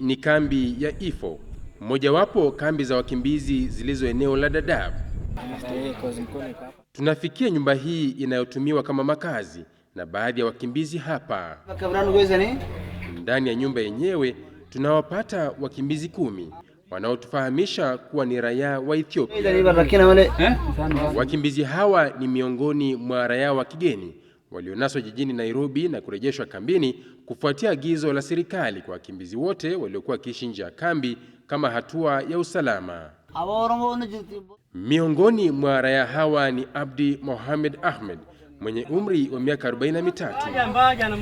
ni kambi ya Ifo, mojawapo kambi za wakimbizi zilizo eneo la Dadaab. Tunafikia nyumba hii inayotumiwa kama makazi na baadhi ya wakimbizi hapa. Ndani ya nyumba yenyewe tunawapata wakimbizi kumi wanaotufahamisha kuwa ni raia wa Ethiopia. Wakimbizi hawa ni miongoni mwa raia wa kigeni walionaswa jijini Nairobi na kurejeshwa kambini kufuatia agizo la serikali kwa wakimbizi wote waliokuwa wakiishi nje ya kambi kama hatua ya usalama. Miongoni mwa raia hawa ni Abdi Mohamed Ahmed mwenye umri wa miaka 43.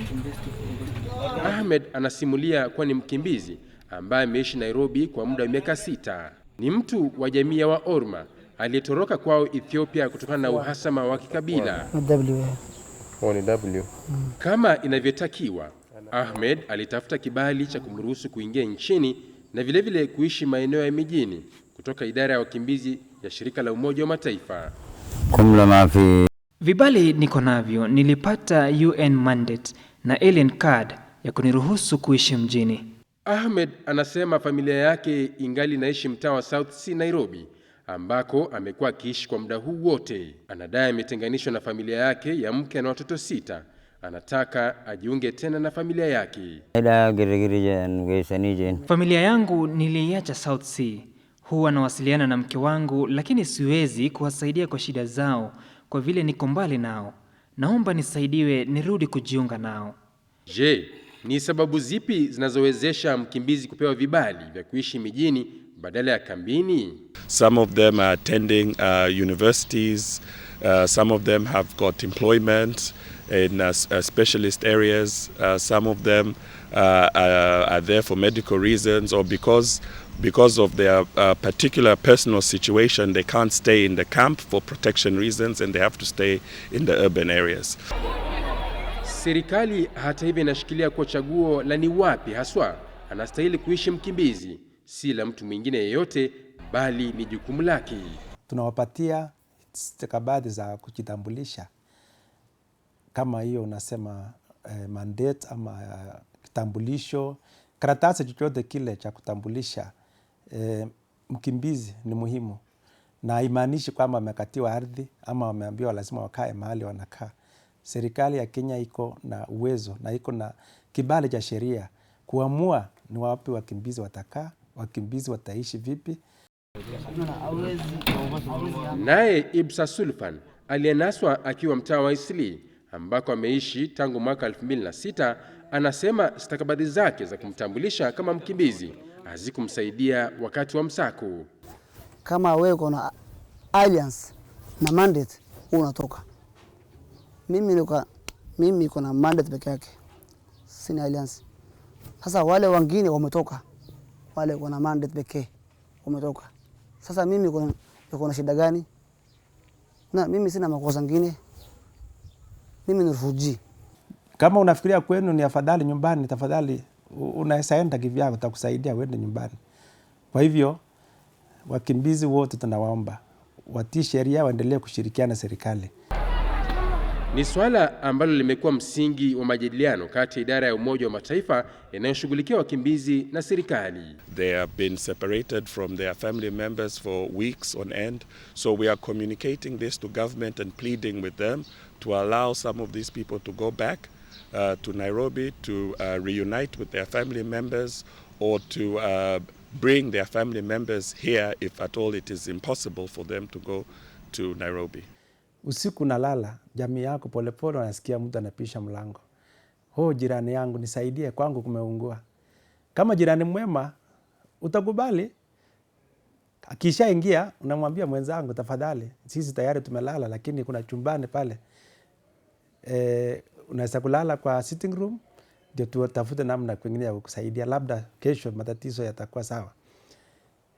Ahmed anasimulia kuwa ni mkimbizi ambaye ameishi Nairobi kwa muda wa miaka sita. Ni mtu wa jamii ya Waorma aliyetoroka kwao Ethiopia kutokana na uhasama wa kikabila mm. kama inavyotakiwa. Ahmed alitafuta kibali cha kumruhusu kuingia nchini na vilevile vile kuishi maeneo ya mijini kutoka idara ya wakimbizi ya shirika la Umoja wa Mataifa. Vibali niko navyo, nilipata UN mandate na alien card ya kuniruhusu kuishi mjini. Ahmed anasema familia yake ingali inaishi mtaa wa South C Nairobi, ambako amekuwa akiishi kwa muda huu wote. Anadai ametenganishwa na familia yake ya mke na watoto sita anataka ajiunge tena na familia yake. Familia yangu niliiacha South Sea, huwa nawasiliana na mke wangu, lakini siwezi kuwasaidia kwa shida zao kwa vile niko mbali nao. Naomba nisaidiwe nirudi kujiunga nao. Je, ni sababu zipi zinazowezesha mkimbizi kupewa vibali vya kuishi mijini badala ya kambini? Some of them are attending uh, universities. Uh, some of them have got employment in uh, uh, specialist areas. Uh, some of them uh, are, uh, are there for medical reasons or because because of their uh, particular personal situation, they can't stay in the camp for protection reasons and they have to stay in the urban areas. Serikali hata hivyo inashikilia kuwa chaguo la ni wapi haswa anastahili kuishi mkimbizi si la mtu mwingine yeyote, bali ni jukumu lake. Tunawapatia stakabadhi za kujitambulisha kama hiyo unasema eh, mandate ama uh, kitambulisho, karatasi chochote kile cha kutambulisha eh, mkimbizi ni muhimu, na imaanishi kwamba wamekatiwa ardhi ama wameambiwa lazima wakae mahali wanakaa. Serikali ya Kenya iko na uwezo na iko na kibali cha sheria kuamua ni wapi wakimbizi watakaa, wakimbizi wataishi vipi. Naye Ibsa Sulfan aliyenaswa akiwa mtaa wa Isli ambako ameishi tangu mwaka 2006 anasema stakabadhi zake za kumtambulisha kama mkimbizi hazikumsaidia wakati wa msako. Kama wewe kuna alliance na mandate unatoka, mimi niko mimi kuna mandate peke yake, sina alliance. Sasa wale wengine wametoka, wale kuna mandate pekee wametoka. Sasa mimi kuna shida gani? Na mimi sina makosa mengine mimi nirudi. Kama unafikiria kwenu ni afadhali nyumbani, tafadhali unaweza enda kivyako, takusaidia uende nyumbani. Kwa hivyo wakimbizi wote tunawaomba watii sheria, waendelee kushirikiana serikali ni suala ambalo limekuwa msingi wa majadiliano kati ya idara ya Umoja wa Mataifa inayoshughulikia wakimbizi na serikali. They have been separated from their family members for weeks on end, so we are communicating this to government and pleading with them to allow some of these people to go back uh, to Nairobi to uh, reunite with their family members or to uh, bring their family members here if at all it is impossible for them to go to Nairobi usiku nalala, jamii yako polepole, wanasikia mtu anapisha mlango, oh, jirani yangu nisaidie, kwangu kumeungua. Kama jirani mwema utakubali, akishaingia unamwambia mwenzangu, tafadhali, sisi tayari tumelala, lakini kuna chumbani pale e, eh, unaweza kulala kwa sitting room, ndio tutafute namna kwingine ya kukusaidia, labda kesho matatizo yatakuwa sawa.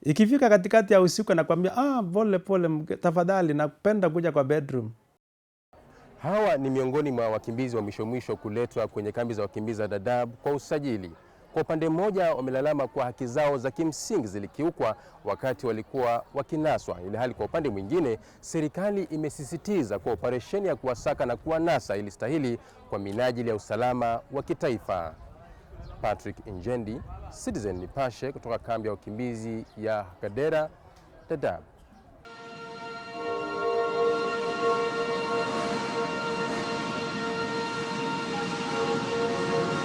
Ikifika katikati ya usiku anakwambia ah, pole pole, tafadhali napenda kuja kwa bedroom. Hawa ni miongoni mwa wakimbizi wa mwisho mwisho kuletwa kwenye kambi za wakimbizi za Dadaab kwa usajili. Kwa upande mmoja, wamelalama kwa haki zao za kimsingi zilikiukwa wakati walikuwa wakinaswa, ili hali kwa upande mwingine, serikali imesisitiza kuwa operesheni ya kuwasaka na kuwanasa ilistahili kwa minajili ya usalama wa kitaifa. Patrick Injendi, Citizen Nipashe, kutoka kambi ya ukimbizi ya Kagera, Dadaab.